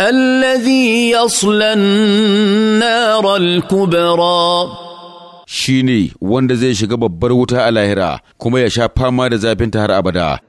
الذي يصلى النار الكبرى shine wanda zai shiga babbar wuta a lahira kuma ya sha fama da zafinta har abada